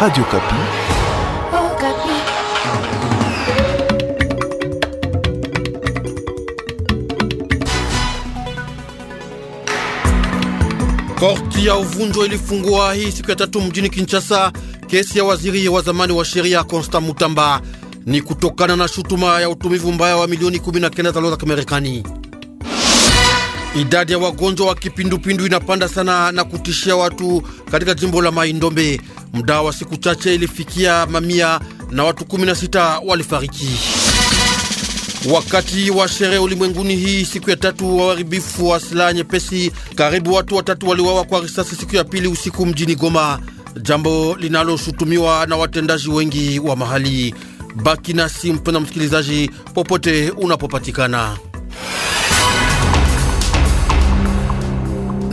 Radio Kapi. Oh, Kapi. Korti ya uvunjo ilifungua hii siku ya tatu mjini Kinshasa kesi ya waziri wa zamani wa sheria Constant Mutamba ni kutokana na shutuma ya utumivu mbaya wa milioni 19 za dola za Kimarekani. Idadi ya wagonjwa wa kipindupindu inapanda sana na kutishia watu katika jimbo la Maindombe. Muda wa siku chache ilifikia mamia na watu 16 walifariki. Wakati wa sherehe ulimwenguni hii siku ya tatu wa uharibifu wa silaha nyepesi, karibu watu watatu waliwawa kwa risasi siku ya pili usiku mjini Goma, jambo linaloshutumiwa na watendaji wengi wa mahali. Baki nasi mpenda msikilizaji, popote unapopatikana.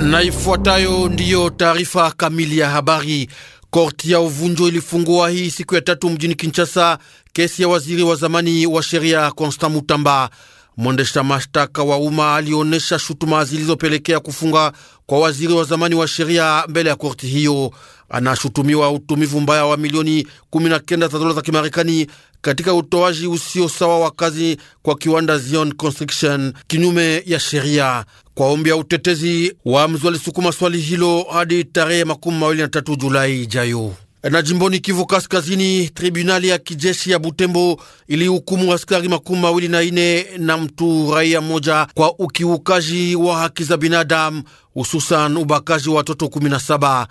Na ifuatayo ndiyo taarifa kamili ya habari. Korti ya uvunjo ilifungua hii siku ya tatu mjini Kinshasa kesi ya waziri wa zamani wa sheria Constant Mutamba. Mwendesha mashtaka wa umma alionyesha shutuma zilizopelekea kufunga kwa waziri wa zamani wa sheria mbele ya korti hiyo. Anashutumiwa utumivu mbaya wa milioni 19 za dola za Kimarekani katika utoaji usio sawa wa kazi kwa kiwanda Zion Construction kinyume ya sheria. Kwa ombi ya utetezi, waamuzi walisukuma swali hilo hadi tarehe makumi mawili na tatu Julai ijayo na jimboni Kivu Kaskazini, tribunali ya kijeshi ya Butembo ilihukumu askari makumi mawili na ine na mtu raia mmoja kwa ukiukaji wa haki za binadamu, hususan ubakaji wa watoto 17.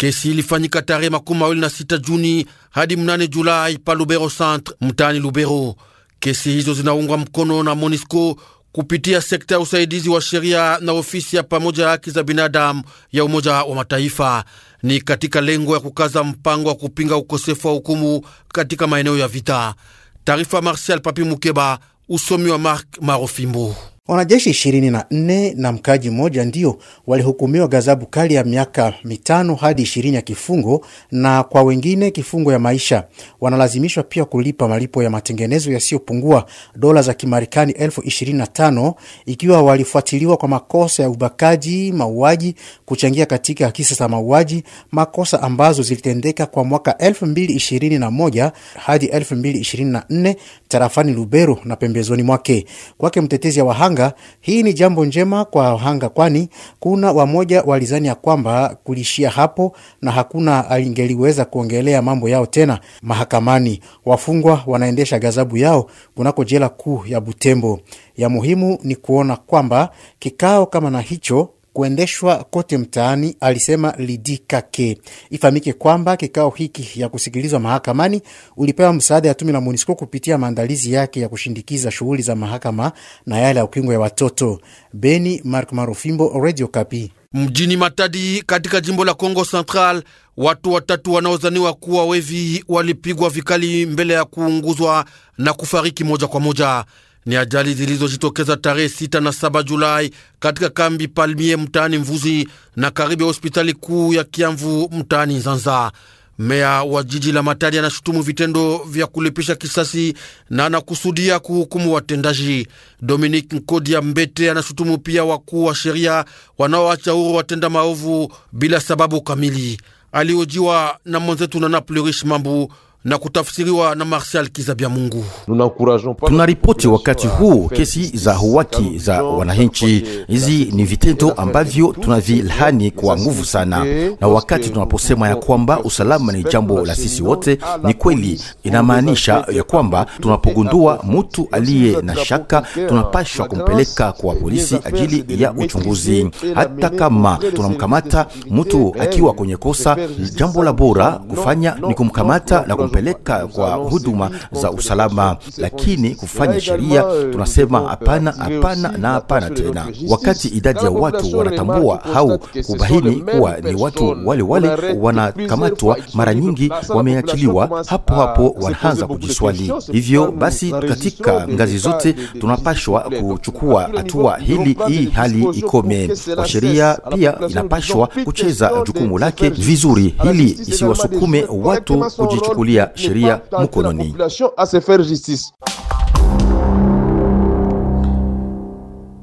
Kesi ilifanyika tarehe makumi mawili na sita Juni hadi mnane Julai pa Lubero Centre mtaani Lubero. Kesi hizo zinaungwa mkono na MONISCO kupitia sekta ya usaidizi wa sheria na ofisi ya pamoja ya haki za binadamu ya Umoja wa Mataifa. Ni katika lengo ya kukaza mpango wa kupinga ukosefu wa hukumu katika maeneo ya vita. Taarifa Marsial Papi Mukeba, usomi wa Mark Marofimbo. Wanajeshi ishirini na nne na mkaaji mmoja ndio walihukumiwa ghadhabu kali ya miaka mitano hadi ishirini ya kifungo na kwa wengine kifungo ya maisha. Wanalazimishwa pia kulipa malipo ya matengenezo yasiyopungua dola za Kimarekani elfu ishirini na tano ikiwa walifuatiliwa kwa makosa ya ubakaji, mauaji, kuchangia katika kisa za mauaji, makosa ambazo zilitendeka kwa mwaka elfu mbili ishirini na moja hadi elfu mbili ishirini na nne tarafani Lubero na pembezoni mwake. Kwake mtetezi wa wahanga wahanga. Hii ni jambo njema kwa wahanga, kwani kuna wamoja walizani ya kwamba kulishia hapo na hakuna alingeliweza kuongelea mambo yao tena mahakamani. Wafungwa wanaendesha gazabu yao kunako jela kuu ya Butembo. Ya muhimu ni kuona kwamba kikao kama na hicho kuendeshwa kote mtaani, alisema Lidi Kake. Ifahamike kwamba kikao hiki ya kusikilizwa mahakamani ulipewa msaada ya tume la MONUSCO kupitia maandalizi yake ya kushindikiza shughuli za mahakama na yale ya ukingo ya watoto. Beni, Mark Marofimbo, Radio Kapi. Mjini Matadi katika jimbo la congo Central, watu watatu wanaozaniwa kuwa wevi walipigwa vikali mbele ya kuunguzwa na kufariki moja kwa moja ni ajali zilizojitokeza tarehe sita na saba Julai katika kambi Palmie mtaani Mvuzi na karibu ya hospitali kuu ya Kiamvu mtaani Nzanza. Meya wa jiji la Matadi anashutumu vitendo vya kulipisha kisasi na anakusudia kuhukumu watendaji. Dominik Nkodia Mbete anashutumu pia wakuu wa sheria wanaoacha huru watenda maovu bila sababu kamili. Aliojiwa na mwenzetu Nana Mambu na kutafsiriwa na Marshal Kizabia Mungu. Tunaripoti wakati huu kesi za huwaki za wananchi. Hizi ni vitendo ambavyo tunavilhani kwa nguvu sana, na wakati tunaposema ya kwamba usalama ni jambo la sisi wote, ni kweli. Inamaanisha ya kwamba tunapogundua mtu aliye na shaka, tunapashwa kumpeleka kwa polisi ajili ya uchunguzi, hata kama tunamkamata mtu akiwa kwenye kosa. Jambo la bora kufanya ni kumkamata na kumpeleka kwa huduma za usalama, lakini kufanya sheria tunasema hapana, hapana na hapana tena. Wakati idadi ya watu wanatambua au kubaini kuwa ni watu wale wale wanakamatwa, mara nyingi wameachiliwa hapo hapo, wanaanza kujiswali. Hivyo basi, katika ngazi zote tunapashwa kuchukua hatua hili hii hali ikome. Kwa sheria pia inapashwa kucheza jukumu lake vizuri, ili isiwasukume watu kujichukulia sheria sheria mkononi.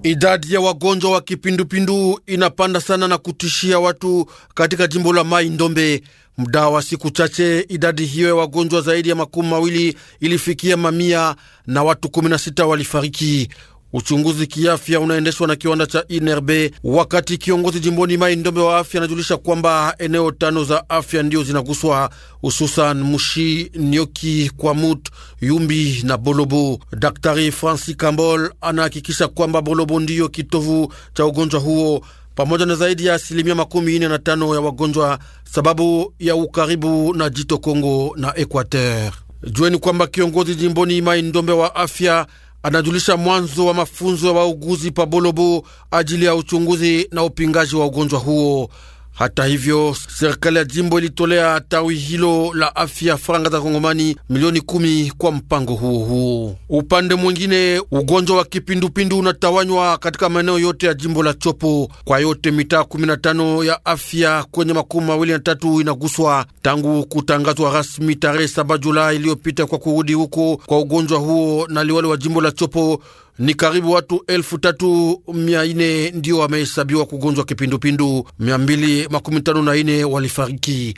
Idadi ya wagonjwa wa kipindupindu inapanda sana na kutishia watu katika jimbo la Mai Ndombe. Muda wa siku chache, idadi hiyo ya wagonjwa zaidi ya makumi mawili ilifikia mamia na watu 16 walifariki. Uchunguzi kiafya unaendeshwa na kiwanda cha INRB, wakati kiongozi jimboni Mai Ndombe wa afya anajulisha kwamba eneo tano za afya ndiyo zinaguswa, hususan Mushi, Nyoki, Kwamut, Yumbi na Bolobo. Daktari Francis Cambol anahakikisha kwamba Bolobo ndiyo kitovu cha ugonjwa huo pamoja na zaidi ya asilimia makumi ine na tano ya wagonjwa sababu ya ukaribu na jito Kongo na Equateur. Jueni kwamba kiongozi jimboni Mai Ndombe wa afya anajulisha mwanzo wa mafunzo ya wa wauguzi pa Bolobo ajili ya uchunguzi na upingaji wa ugonjwa huo. Hata hivyo, serikali ya jimbo ilitolea tawi hilo la afya faranga za kongomani milioni kumi kwa mpango huo huo. Upande mwingine, ugonjwa wa kipindupindu unatawanywa katika maeneo yote ya jimbo la Chopo. Kwa yote mitaa 15 ya afya kwenye makumi mawili na tatu inaguswa tangu kutangazwa rasmi tarehe 7 Julai iliyopita kwa kurudi huko kwa ugonjwa huo na liwali wa jimbo la Chopo ni karibu watu elfu tatu mia ine ndio wamehesabiwa kugonjwa kipindupindu, mia mbili makumi tano na ine walifariki.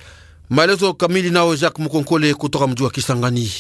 Maelezo kamili nao Jacques Mukonkole kutoka mji wa Kisangani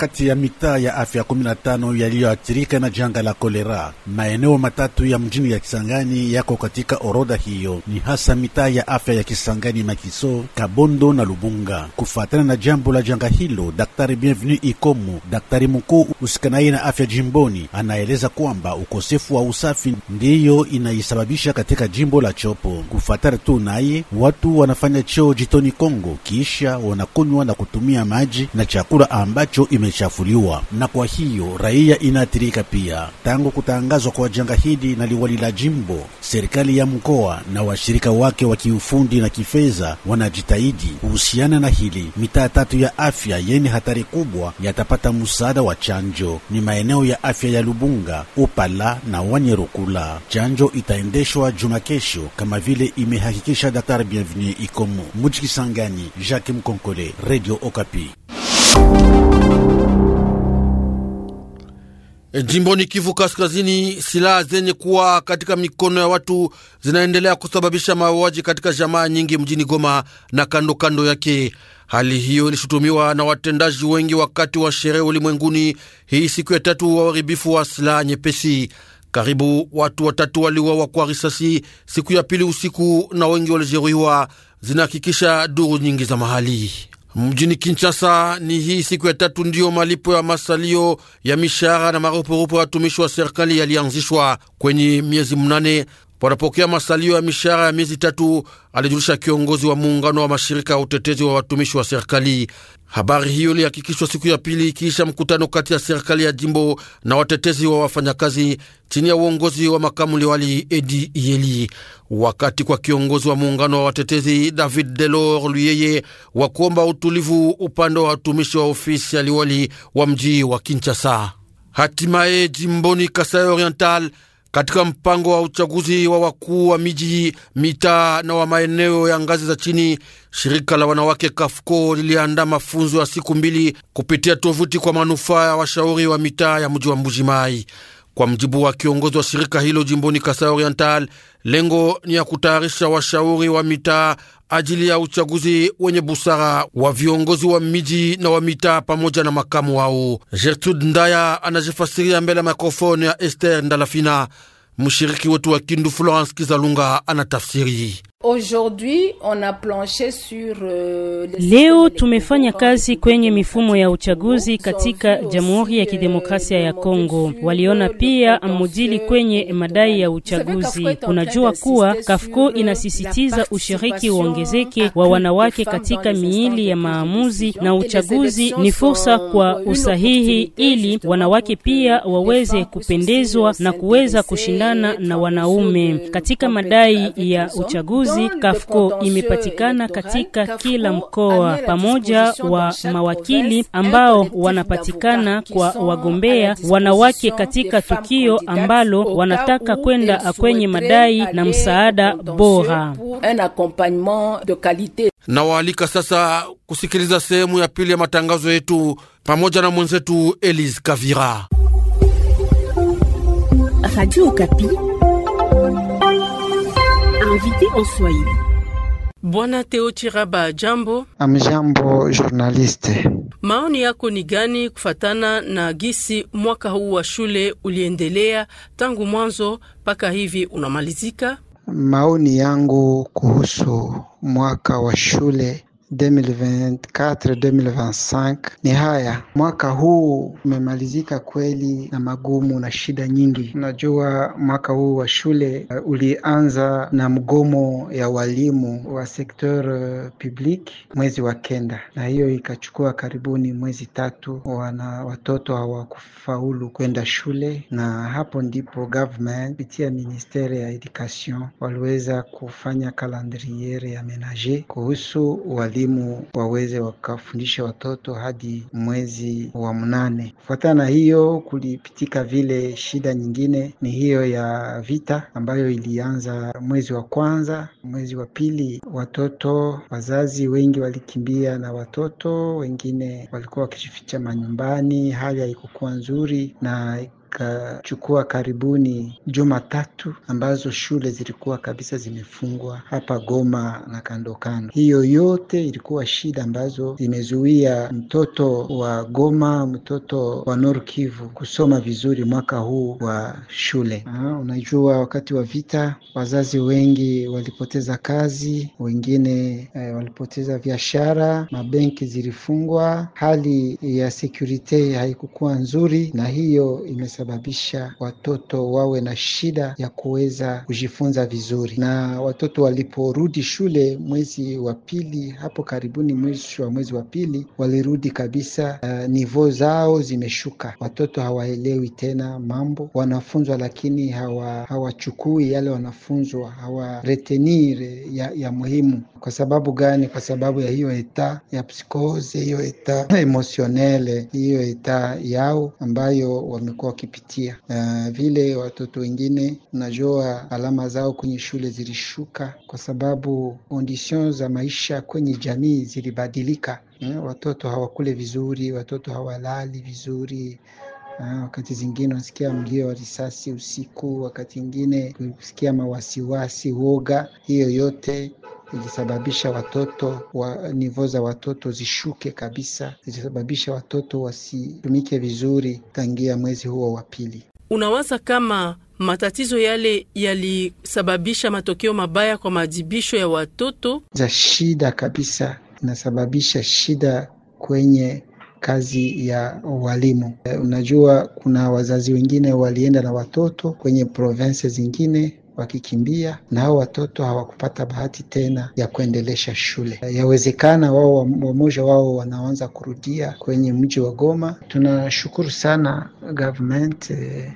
kati ya mitaa ya afya 15 yaliyoathirika na janga la kolera. Maeneo matatu ya mjini ya Kisangani yako katika orodha hiyo, ni hasa mitaa ya afya ya Kisangani, Makiso, Kabondo na Lubunga. Kufuatana na jambo la janga hilo, Daktari Bienvenu Ikomo, daktari mkuu usikanaye na afya jimboni, anaeleza kwamba ukosefu wa usafi ndiyo inaisababisha katika jimbo la Chopo. Kufuatana tu naye, watu wanafanya choo jitoni Kongo, kisha wanakunywa na kutumia maji na chakula ambacho ime zilichafuliwa, na kwa hiyo raia inaathirika pia. Tangu kutangazwa kwa janga hili na liwali la jimbo, serikali ya mkoa na washirika wake wa kiufundi na kifedha wanajitahidi kuhusiana na hili. Mitaa tatu ya afya yenye hatari kubwa yatapata msaada wa chanjo, ni maeneo ya afya ya Lubunga, upala na Wanyerukula. Chanjo itaendeshwa juma kesho kama vile imehakikisha Daktari Bienvenu Ikomo. Mujikisangani, Jacques Mkonkole, Radio Okapi. Eh, jimboni Kivu Kaskazini, silaha zenye kuwa katika mikono ya watu zinaendelea kusababisha mauaji katika jamaa nyingi mjini Goma na kando kando yake. Hali hiyo ilishutumiwa na watendaji wengi wakati wa sherehe ulimwenguni hii siku ya tatu wa uharibifu wa silaha nyepesi. Karibu watu watatu waliuawa kwa risasi siku ya pili usiku na wengi walijeruhiwa, zinahakikisha duru nyingi za mahali. Mjini Kinshasa ni hii siku ya tatu ndiyo malipo ya masalio ya mishahara na marupurupu ya watumishi wa serikali yalianzishwa kwenye miezi mnane. Wanapokea masalio ya mishahara ya miezi tatu, alijulisha kiongozi wa muungano wa mashirika ya utetezi wa watumishi wa serikali. Habari hiyo ilihakikishwa siku ya pili ikiisha mkutano kati ya serikali ya jimbo na watetezi wa wafanyakazi chini ya uongozi wa makamu liwali Edi Yeli, wakati kwa kiongozi wa muungano wa watetezi David Delor Luyeye wa kuomba utulivu upande wa watumishi wa ofisi ya liwali wa mji wa Kinshasa. Hatimaye jimboni Kasai Oriental katika mpango wa uchaguzi wa wakuu wa miji, mitaa na wa maeneo ya ngazi za chini. Shirika la wanawake Kafko liliandaa mafunzo ya siku mbili kupitia tovuti kwa manufaa ya washauri wa, wa mitaa ya mji wa Mbujimai. Kwa mjibu wa kiongozi wa shirika hilo jimboni Kasai Oriental, lengo ni ya kutayarisha washauri wa mitaa ajili ya uchaguzi wenye busara wa viongozi wa miji na wa mitaa pamoja na makamu wao. Gertrude Ndaya anajifasiria mbele ya mikrofoni ya Esther Ndalafina. Mshiriki wetu wa Kindu Florence Kizalunga anatafsiri. Euh, Leo tumefanya kazi kwenye mifumo ya uchaguzi katika Jamhuri ya euh, Kidemokrasia ya Kongo. Waliona pia mujili kwenye madai ya uchaguzi. Unajua kuwa Kafko euh, inasisitiza ushiriki uongezeke wa wanawake katika miili ya maamuzi, na uchaguzi ni fursa kwa usahihi, ili wanawake pia waweze kupendezwa na kuweza kushindana na wanaume katika madai ya uchaguzi kazi Kafco imepatikana katika kila mkoa, pamoja wa mawakili ambao wanapatikana kwa wagombea wanawake katika tukio ambalo wanataka kwenda kwenye madai na msaada bora. Nawaalika sasa kusikiliza sehemu ya pili ya matangazo yetu pamoja na mwenzetu Elise Kavira, Radio invité en Swahili. Bwana Teo Chiraba, jambo. Amjambo journaliste. Maoni yako ni gani kufatana na gisi mwaka huu wa shule uliendelea tangu mwanzo mpaka hivi unamalizika? Maoni yangu kuhusu mwaka wa shule 2024 2025. Ni haya, mwaka huu umemalizika kweli na magumu na shida nyingi. Unajua, mwaka huu wa shule uh, ulianza na mgomo ya walimu wa sektor uh, public mwezi wa kenda, na hiyo ikachukua karibuni mwezi tatu, wana watoto hawakufaulu kwenda shule, na hapo ndipo government kupitia ministere ya education waliweza kufanya kalandriere ya menage kuhusu walimu walimu waweze wakafundisha watoto hadi mwezi wa mnane. Kufuatana na hiyo, kulipitika vile shida nyingine ni hiyo ya vita ambayo ilianza mwezi wa kwanza. Mwezi wa pili, watoto wazazi wengi walikimbia na watoto wengine walikuwa wakijificha manyumbani, hali haikukuwa nzuri na ikachukua karibuni juma tatu ambazo shule zilikuwa kabisa zimefungwa hapa Goma na kando kando. Hiyo yote ilikuwa shida ambazo zimezuia mtoto wa Goma, mtoto wa Nord Kivu kusoma vizuri mwaka huu wa shule. Ha, ah, unajua wakati wa vita wazazi wengi walipoteza kazi, wengine eh, walipoteza biashara, mabenki zilifungwa, hali ya security haikukuwa nzuri, na hiyo imesa kusababisha watoto wawe na shida ya kuweza kujifunza vizuri. Na watoto waliporudi shule mwezi wa pili, hapo karibuni, mwisho wa mwezi wa pili, walirudi kabisa, uh, eh, nivo zao zimeshuka. Watoto hawaelewi tena mambo wanafunzwa, lakini hawachukui yale wanafunzwa, hawaretenire ya, ya muhimu. Kwa sababu gani? Kwa sababu ya hiyo eta ya psikose, hiyo eta emosionele, hiyo eta yao ambayo wamekuwa tulipitia. Uh, vile watoto wengine najua alama zao kwenye shule zilishuka kwa sababu conditions za maisha kwenye jamii zilibadilika. Uh, watoto hawakule vizuri, watoto hawalali vizuri. Uh, wakati zingine wanasikia mlio wa risasi usiku, wakati ingine kusikia mawasiwasi, woga. Hiyo yote zilisababisha watoto wa nivo za watoto zishuke kabisa, zilisababisha watoto wasitumike vizuri tangia mwezi huo wa pili. Unawaza kama matatizo yale yalisababisha matokeo mabaya kwa maadhibisho ya watoto za shida kabisa, inasababisha shida kwenye kazi ya walimu. Eh, unajua, kuna wazazi wengine walienda na watoto kwenye provensi zingine wakikimbia na hao watoto hawakupata bahati tena ya kuendelesha shule. Yawezekana wao wamoja wao wanaanza kurudia kwenye mji wa Goma. Tunashukuru sana government eh,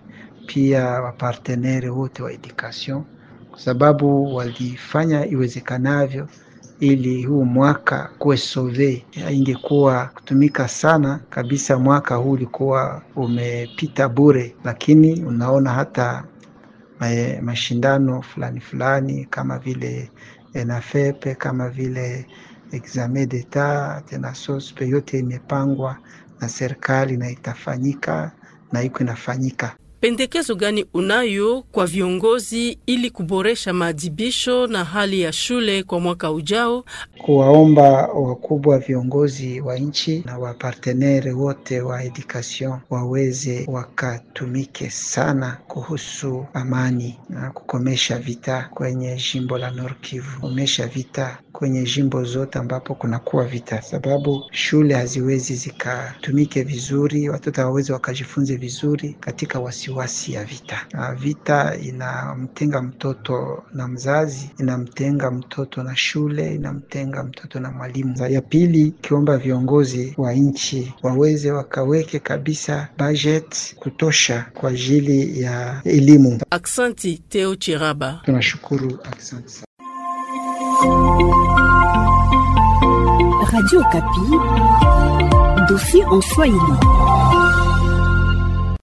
pia wapartenere wote wa education kwa sababu walifanya iwezekanavyo ili huu mwaka kuwe sove. Ingekuwa kutumika sana kabisa, mwaka huu ulikuwa umepita bure, lakini unaona hata mashindano fulani fulani kama vile ENAFEP, kama vile exame d'etat, sospe yote imepangwa na serikali na itafanyika na iko inafanyika pendekezo gani unayo kwa viongozi ili kuboresha maadhibisho na hali ya shule kwa mwaka ujao? Kuwaomba wakubwa viongozi wa nchi na wapartenere wote wa education waweze wakatumike sana kuhusu amani na kukomesha vita kwenye jimbo la Nord Kivu, kukomesha vita kwenye jimbo zote ambapo kunakuwa vita, sababu shule haziwezi zikatumike vizuri, watoto hawawezi wakajifunze vizuri katika wasiwasi ya vita. Na vita inamtenga mtoto na mzazi, inamtenga mtoto na shule, inamtenga mtoto na mwalimu. Ya pili, ikiomba viongozi wa nchi waweze wakaweke kabisa budget kutosha kwa ajili ya elimu. Aksanti Teo Chiraba, tunashukuru. Aksanti. Radio Kapi, dossier en Swahili.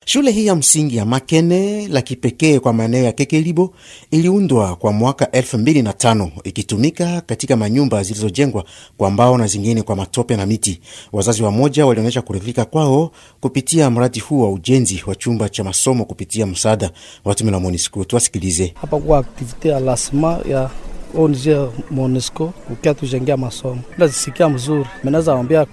Shule hii ya msingi ya Makene la kipekee kwa maeneo ya Kekelibo iliundwa kwa mwaka 2005 ikitumika katika manyumba zilizojengwa kwa mbao na zingine kwa matope na miti. Wazazi wamoja walionyesha kuridhika kwao kupitia mradi huu wa ujenzi wa chumba cha masomo kupitia msaada wa tume la MONUSCO. Tuwasikilize hapa kwa aktivite ya lasma ya ONG MONUSCO kukia tujengea masomo. Nazisikia mzuri, menaweza wambia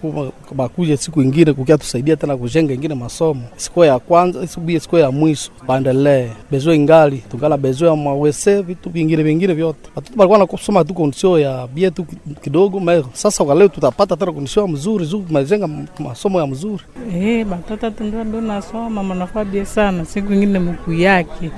bakuje siku ingine kukia tusaidia tena kujenga ingine masomo, siku ya kwanza isubie siku ya mwisho baendelee bezo ingali tungala bezo ya mawese vitu vingine vingine vyote. Watoto walikuwa nakusoma tu kondisio ya bietu kidogo mero. Sasa kwa leo tutapata tena kondisio mzuri zuri, majenga masomo ya mzuri. Eh, batata tundio ndo nasoma manafaa bie sana, siku ingine mkuu yake.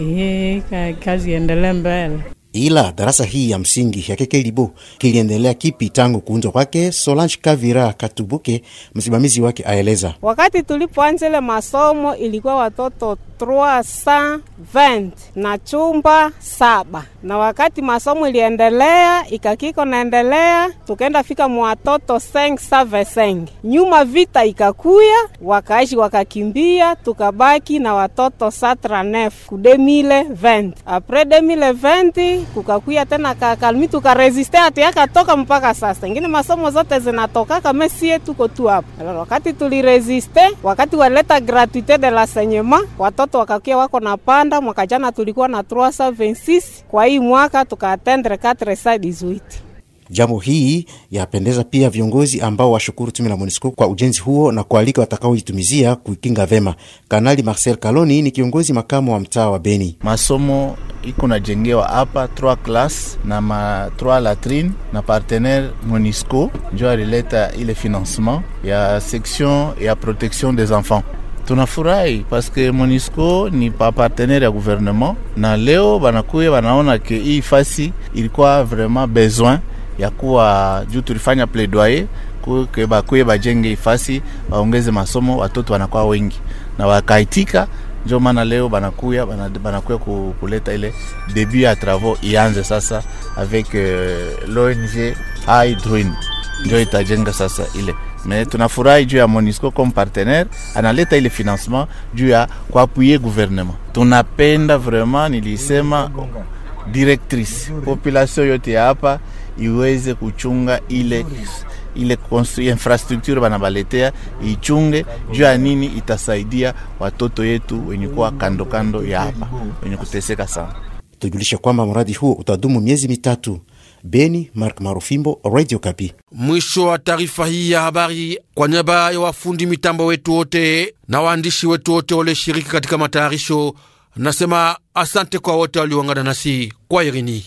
Eh, kazi endelee mbele. Ila darasa hii ya msingi ya Kekelibo kiliendelea kipi tangu kuunzwa kwake? Solange Kavira Katubuke, msimamizi wake, aeleza. Wakati tulipoanza ile masomo ilikuwa watoto 320 na chumba saba na wakati masomo iliendelea ikakiko naendelea, tukaenda fika mwatoto seng save seng, nyuma vita ikakuya, wakaishi wakakimbia, tukabaki na watoto satra nef ku 2020 apre 2020 kukakuya tena kakalmi, tukaresiste ati yakatoka mpaka sasa. Ingine masomo zote zinatoka kama sie tuko tu hapo. Wakati tuliresiste, wakati waleta gratuite de l'enseignement, watoto wakakuya wako na panda. Mwaka jana tulikuwa na 326 kwa hiyo hii mwaka tukatendre katre sa dizuiti. Jambo hii yapendeza pia viongozi ambao washukuru tume la MONUSCO kwa ujenzi huo na kualika watakaoitumizia kuikinga vema. Kanali Marcel Kaloni ni kiongozi makamu wa mtaa wa Beni. Masomo iko najengewa hapa trois class na ma trois latrine na partenaire MONUSCO njo alileta ile financement ya section ya protection des enfants tunafurahi paske Monisco ni pa partenere ya gouvernement, na leo banakuya banaona ke hii fasi ilikuwa vraiment besoin ya kuwa juu tulifanya plaidoyer kuke bakuye bajenge ifasi waongeze masomo, watoto wanakuwa wengi na wakaitika ndio maana leo banakuya banakuya kuleta ile debut ya travaux ianze sasa avec euh, l'ONG Hydroin njo itajenga sasa ile Me tunafurahi juu ya Monisco comme partenaire analeta ile financement juu ya kuapuye gouvernement. Tunapenda vraiment, nilisema directrice, population yote ya hapa iweze kuchunga ile ile infrastructure bana baletea ichunge juu ya nini, itasaidia watoto yetu wenye kuwa kando kando ya hapa wenye kuteseka sana. Tujulishe kwamba mradi huo utadumu miezi mitatu. Beni, Mark Marufimbo, Radio Kapi. Mwisho wa taarifa hii ya habari, kwa niaba ya wafundi mitambo wetu wote na waandishi wetu wote walioshiriki katika matayarisho, nasema asante kwa wote walioungana nasi kwa irini.